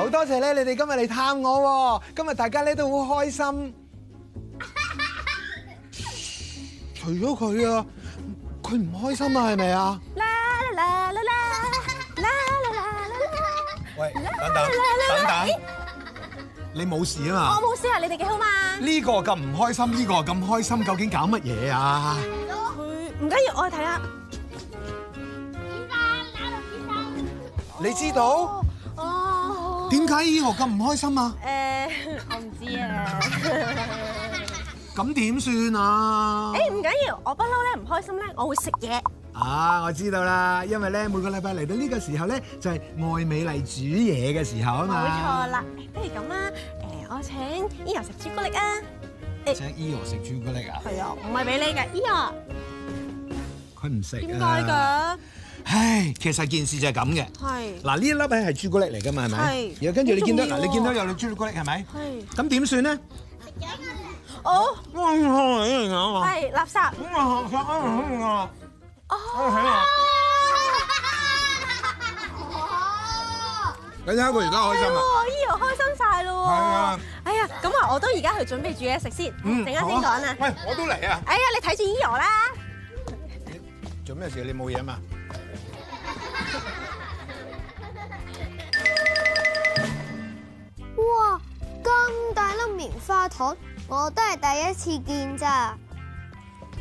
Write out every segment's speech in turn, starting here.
好多謝咧！你哋今日嚟探我喎，今日大家咧都好開心。除咗佢啊，佢唔開心啊，係咪啊？喂，等等，等等，你冇事啊嘛？我冇事啊，你哋幾好嘛？呢個咁唔開心，呢個咁開心，究竟搞乜嘢啊？唔緊要，我睇下。你知道？點解依豪咁唔開心啊？誒，我唔知啊。咁點算啊？誒唔緊要，我不嬲咧唔開心咧，我會食嘢。啊，ah, 我知道啦，因為咧每個禮拜嚟到呢個時候咧，就係、是、愛美麗煮嘢嘅時候啊嘛。冇錯啦，不如咁啦，誒我請依豪食朱古力啊！請依豪食朱古力啊？係啊 唔係俾你㗎，依、e、豪。佢唔食啊。點解㗎？唉，其實件事就係咁嘅。係。嗱，呢一粒係係朱古力嚟㗎嘛，係咪？係。然後跟住你見到嗱，你見到有兩朱古力係咪？係。咁點算咧？哦，哎呀！依個啊。係，垃圾。哦，好啊。哦。咁樣一個而家開心啦。依個開心晒啦喎。係啊。哎呀，咁啊，我都而家去準備煮嘢食先。嗯。等下先講啦。喂，我都嚟啊。哎呀，你睇住依個啦。做咩事？你冇嘢啊嘛？哇，咁大粒棉花糖，我都係第一次見咋？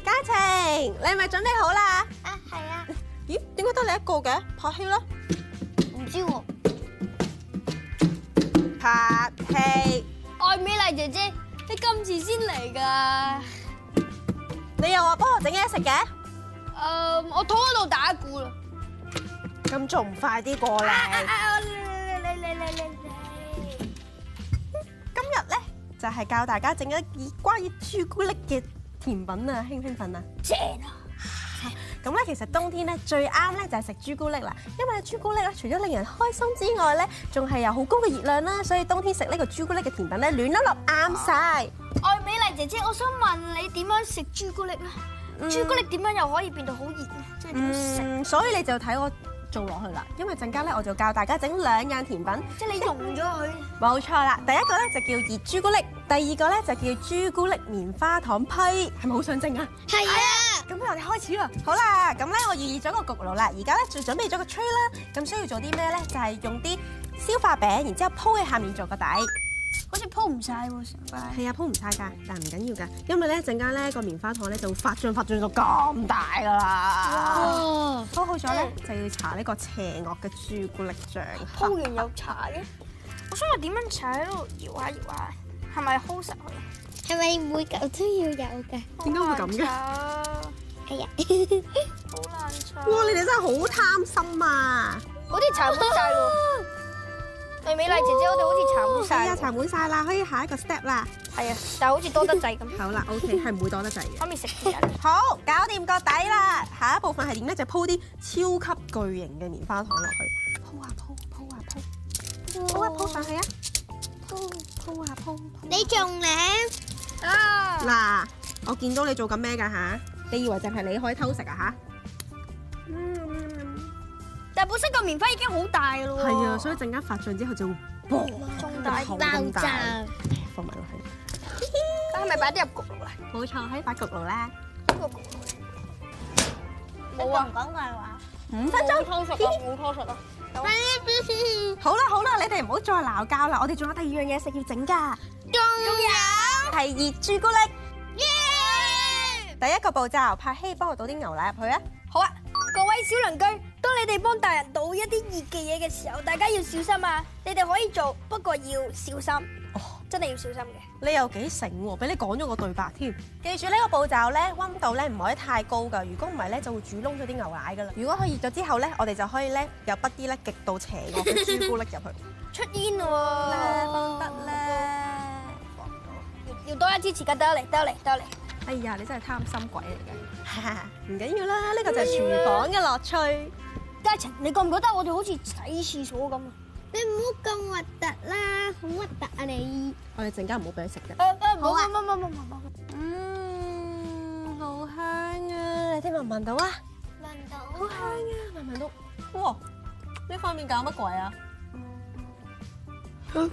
嘉晴，你咪準備好啦？啊，係啊。咦，點解得你一個嘅？拍戲囉？唔知喎、啊。拍戲。愛美麗姐姐，你今次先嚟噶？你又話幫我整嘢食嘅？嗯，我肚喺度打鼓啦。咁仲唔快啲過嚟？今日咧就係教大家整一件關於朱古力嘅甜品啊，興奮唔興奮啊？正啊！咁咧其實冬天咧最啱咧就係食朱古力啦，因為朱古力咧除咗令人開心之外咧，仲係有好高嘅熱量啦，所以冬天食呢個朱古力嘅甜品咧暖粒粒啱晒。愛美麗姐姐，我想問你點樣食朱古力咧？朱古力點樣又可以變到好熱？即係點食？所以你就睇我。做落去啦，因為陣間咧我就教大家整兩樣甜品，即係你融咗佢。冇錯啦，第一個咧就叫熱朱古力，第二個咧就叫朱古力棉花糖批，係咪好想整啊？係啊，咁我哋開始啦。好啦，咁咧我預熱咗個焗爐啦，而家咧就準備咗個 tray 啦。咁需要做啲咩咧？就係用啲消化餅，然之後鋪喺下面做個底。好似鋪唔晒喎，係啊鋪唔晒噶，但唔緊要噶，因為咧陣間咧個棉花糖咧就會發脹發脹到咁大噶啦。鋪哇好咗咧就要搽呢個邪惡嘅朱古力醬。鋪完又搽嘅， 我想問點樣搽喺度搖下搖下，係咪鋪實？係咪每嚿都要有嘅？點解會咁嘅？哎呀，好 難搽！哇，你哋真係好貪心啊！好似搽唔晒美麗姐姐，哦、我哋好似搽滿晒，啊，儲滿晒啦，可以下一個 step 啦。係啊， 但係好似多得滯咁。好啦，OK，係唔會多得滯嘅。可以食。好，搞掂個底啦，下一部分係點咧？就鋪、是、啲超級巨型嘅棉花糖落去，鋪啊鋪，鋪啊鋪，鋪啊鋪上去啊，鋪鋪下鋪。你仲靚？嗱，我見到你做緊咩噶吓？你以為淨係你可以偷食啊吓？本身個棉花已經好大咯，係啊，所以陣間發脹之後就會爆，大爆炸，放埋落去。係咪擺啲入焗爐啊？冇錯，喺八焗爐啦。冇啊！唔講大話。五分鐘。唔熟咯，唔錯熟咯。好啦好啦，你哋唔好再鬧交啦，我哋仲有第二樣嘢食要整㗎。仲有係熱朱古力。耶！第一個步驟，拍希幫我倒啲牛奶入去啊。好啊，各位小鄰居，當你哋幫。一啲熱嘅嘢嘅時候，大家要小心啊！你哋可以做，不過要小心哦，真係要小心嘅。你又幾醒喎？俾你講咗個對白添，記住呢個步驟咧，溫度咧唔可以太高噶，如果唔係咧就會煮窿咗啲牛奶噶啦。如果佢熱咗之後咧，我哋就可以咧有筆啲咧極度邪惡嘅朱古力入去。 出煙咯，哦、得啦，哦哦、要多一支匙羹，得嚟，得嚟，得嚟。哎呀，你真係貪心鬼嚟嘅。唔緊 要啦，呢個就係廚房嘅樂趣。 嘉晴，你覺唔覺得我哋好似洗廁所咁啊？你唔好咁核突啦，好核突啊你！我哋陣間唔好俾佢食嘅。好啊。嗯，好香啊！你聽聞唔聞到啊？聞到。好香啊！聞唔聞到？哇！呢、這、塊、個、面搞乜鬼啊？嗯、啊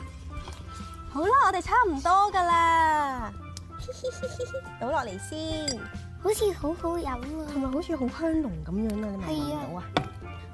好啦、啊，我哋差唔多噶啦。 倒落嚟先。好似好好飲啊！同埋好似好香濃咁樣啊！你聞唔聞到啊？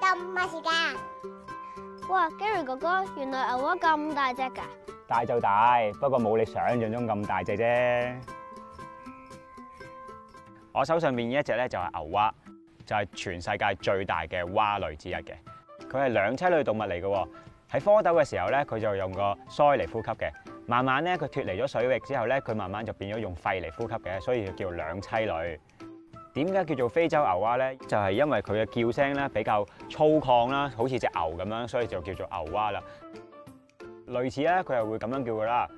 咁快時間？哥哥哇，Gary 哥哥，原來牛蛙咁大隻噶？大就大，不過冇你想象中咁大隻啫。我手上面呢一隻咧就係牛蛙，就係、是、全世界最大嘅蛙類之一嘅。佢係兩棲類動物嚟嘅，喺蝌蚪嘅時候咧，佢就用個腮嚟呼吸嘅。慢慢咧，佢脫離咗水域之後咧，佢慢慢就變咗用肺嚟呼吸嘅，所以就叫兩棲類。點解叫做非洲牛蛙咧？就係、是、因為佢嘅叫聲咧比較粗獷啦，好似隻牛咁樣，所以就叫做牛蛙啦。類似咧，佢又會咁樣叫佢啦。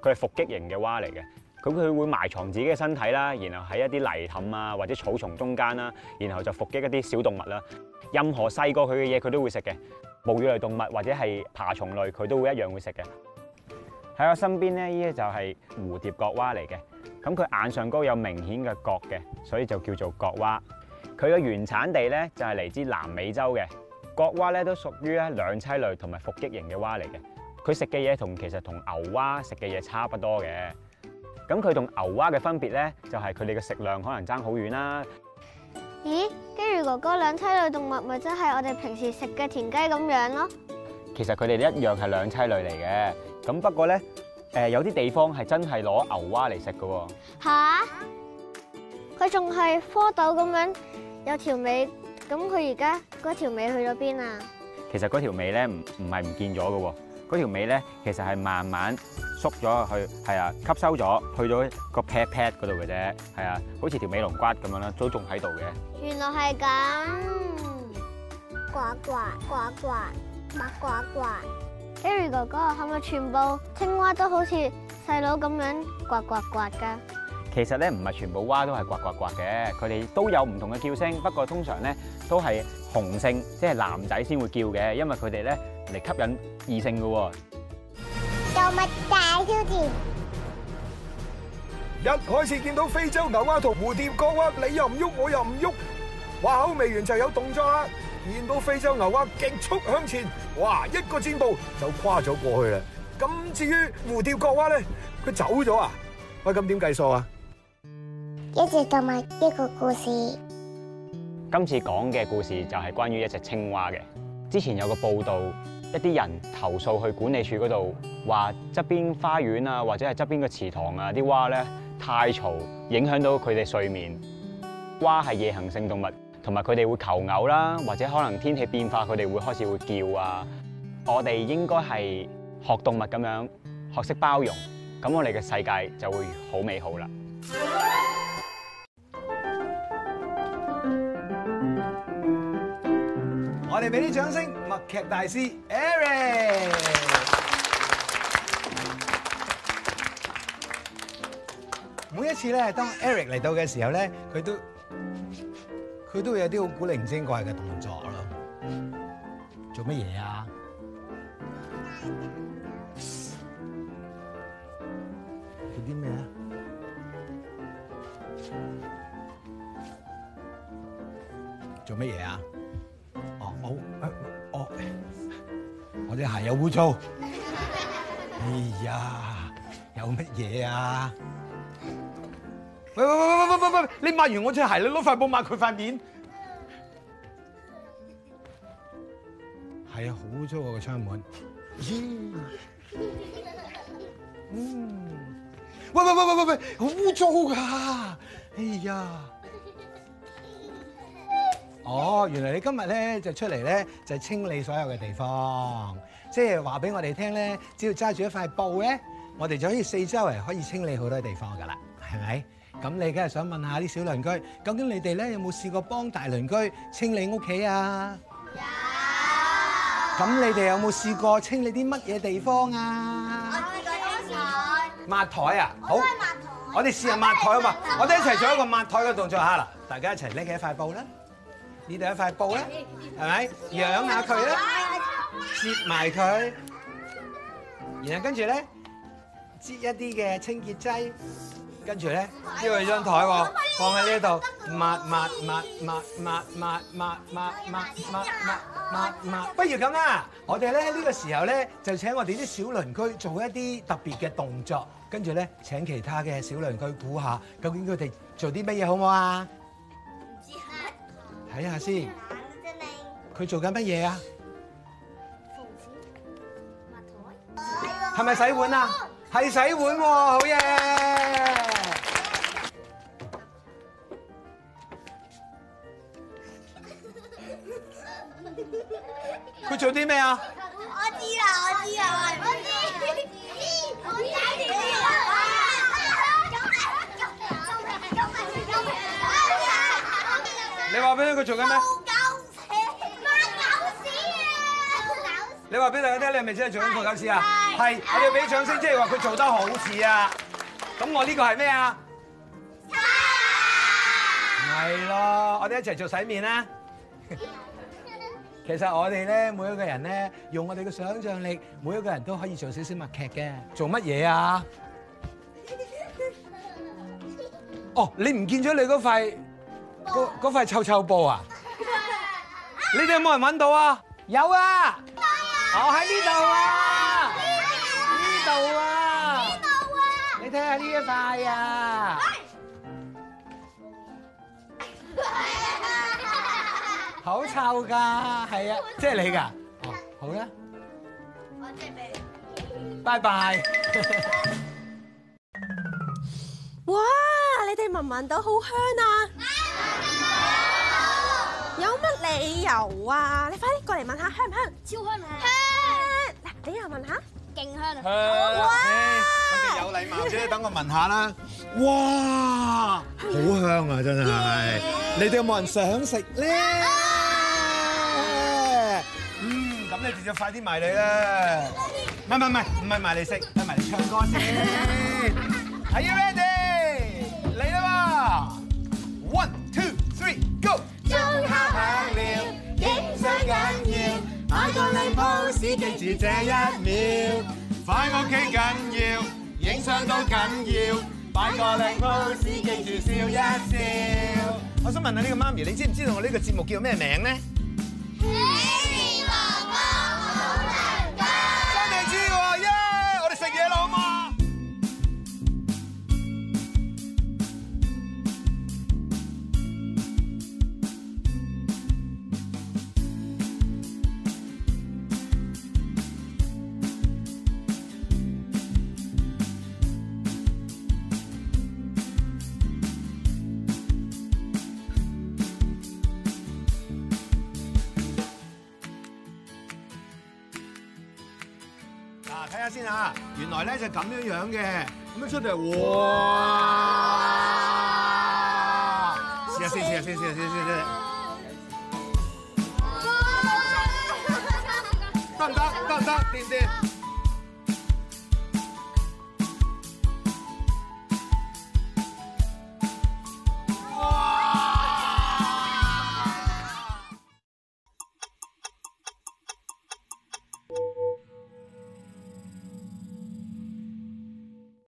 佢係 伏擊型嘅蛙嚟嘅，咁佢會埋藏自己嘅身體啦，然後喺一啲泥凼啊或者草叢中間啦，然後就伏擊一啲小動物啦。任何細過佢嘅嘢，佢都會食嘅。哺乳類動物或者係爬蟲類，佢都會一樣會食嘅。喺我身邊咧，依啲就係蝴蝶角蛙嚟嘅。咁佢眼上高有明顯嘅角嘅，所以就叫做角蛙。佢嘅原產地咧就係嚟自南美洲嘅。角蛙咧都屬於咧兩棲類同埋伏擊型嘅蛙嚟嘅。佢食嘅嘢同其實同牛蛙食嘅嘢差不多嘅。咁佢同牛蛙嘅分別咧，就係佢哋嘅食量可能爭好遠啦。咦？跟如哥哥，兩棲類動物咪即係我哋平時食嘅田雞咁樣咯？其實佢哋一樣係兩棲類嚟嘅。咁不過咧，誒有啲地方係真係攞牛蛙嚟食噶喎。吓？佢仲係蝌蚪咁樣，有條尾。咁佢而家嗰條尾去咗邊啊？其實嗰條尾咧，唔唔係唔見咗噶。嗰條尾咧，其實係慢慢縮咗去，係啊，吸收咗，去咗個 pat pat 嗰度嘅啫。係啊，好似條尾龍骨咁樣啦，都仲喺度嘅。原來係咁。呱呱呱呱呱呱。Harry 哥哥，係咪全部青蛙都好似細佬咁樣呱呱呱噶？其實咧，唔係全部蛙都係呱呱呱嘅，佢哋都有唔同嘅叫聲。不過通常咧都係雄性，即係男仔先會叫嘅，因為佢哋咧嚟吸引異性噶、啊。動物大挑戰，一開始見到非洲牛蛙同蝴蝶角蛙，啊，你又唔喐，我又唔喐，話口未完就有動作啦，啊。見到非洲牛蛙極速向前，哇！一個箭步，就跨咗過去啦。咁至於蝴蝶角蛙咧，佢走咗、哎、啊？喂，咁點計數啊？一隻動物一個故事。今次講嘅故事就係關於一隻青蛙嘅。之前有個報道，一啲人投訴去管理處嗰度，話側邊花園啊，或者係側邊嘅池塘啊，啲蛙咧太嘈，影響到佢哋睡眠。蛙係夜行性動物。同埋佢哋會求偶啦，或者可能天氣變化，佢哋會開始會叫啊。我哋應該係學動物咁樣學識包容，咁我哋嘅世界就會好美好啦。我哋俾啲掌聲，默劇大師 Eric。每一次咧，當 Eric 嚟到嘅時候咧，佢都。佢都會有啲好古靈精怪嘅動作咯，做乜嘢啊？做啲咩啊？做乜嘢啊？哦，好，哦、哎，我啲鞋有污糟。哎呀，有乜嘢啊？喂喂喂喂喂喂喂！你抹完我隻鞋，你攞塊布抹佢塊面。係啊， 好污糟我個窗門。嗯。喂喂喂喂喂喂！好污糟噶，哎呀。 哦，原來你今日咧就出嚟咧就係清理所有嘅地方，即係話俾我哋聽咧，只要揸住一塊布咧，我哋就可以四周圍可以清理好多地方噶啦，係咪？咁你梗係想問下啲小鄰居，究竟你哋咧有冇試過幫大鄰居清理屋企啊？有。咁你哋有冇試過清理啲乜嘢地方啊？我哋攞抹台。抹台啊？好。我哋試下抹台啊嘛！我哋一齊做一個抹台嘅動作嚇啦！大家一齊拎起一塊布啦，呢度一塊布啦，係咪？養下佢啦，摺埋佢，然後跟住咧，擠一啲嘅清潔劑。跟住咧，呢個張台喎，放喺呢度，抹抹抹抹抹抹抹抹抹抹抹抹，不如咁啦，我哋咧呢個時候咧，就請我哋啲小鄰居做一啲特別嘅動作，跟住咧請其他嘅小鄰居估下，究竟佢哋做啲乜嘢好唔好啊？睇下先，佢做緊乜嘢啊？係咪洗碗啊？係洗碗喎，好嘢！我知啊，我知啊，我知，我知，我仔點做啊？你話俾佢做緊咩？做狗屎，乜狗屎啊？狗屎！你話俾大家聽，你係咪真係做緊做狗屎啊？係，我哋俾掌聲，即係話佢做得好事啊！咁我呢個係咩啊？係咯，我哋一齊做洗面啦。其實我哋咧，每一個人咧，用我哋嘅想像力，每一個人都可以做少少默劇嘅，做乜嘢啊？哦，你唔見咗你嗰塊嗰嗰塊臭臭布啊？你哋有冇人搵到啊？有啊，我喺呢度啊，呢度啊，呢度啊，你睇下呢一塊啊。好臭噶，係啊，即係你噶，好啦，我即係俾你，拜拜。哇，你哋聞唔聞到好香啊！有乜理由啊？你快啲過嚟聞下，香唔香？超香啊！香，嗱，你又聞下，勁香啊！香，好啊！有禮貌先，等我聞下啦。哇，好香啊，真係，你哋有冇人想食咧？就快啲埋嚟啦！唔係唔係唔係唔係埋嚟食，埋嚟唱歌先。Are you ready？嚟啦喎！One two three go。原來咧就咁樣樣嘅，咁樣出嚟，哇！試下先，試下先，試下先，試下先，試試得唔得？得唔得？掂唔掂？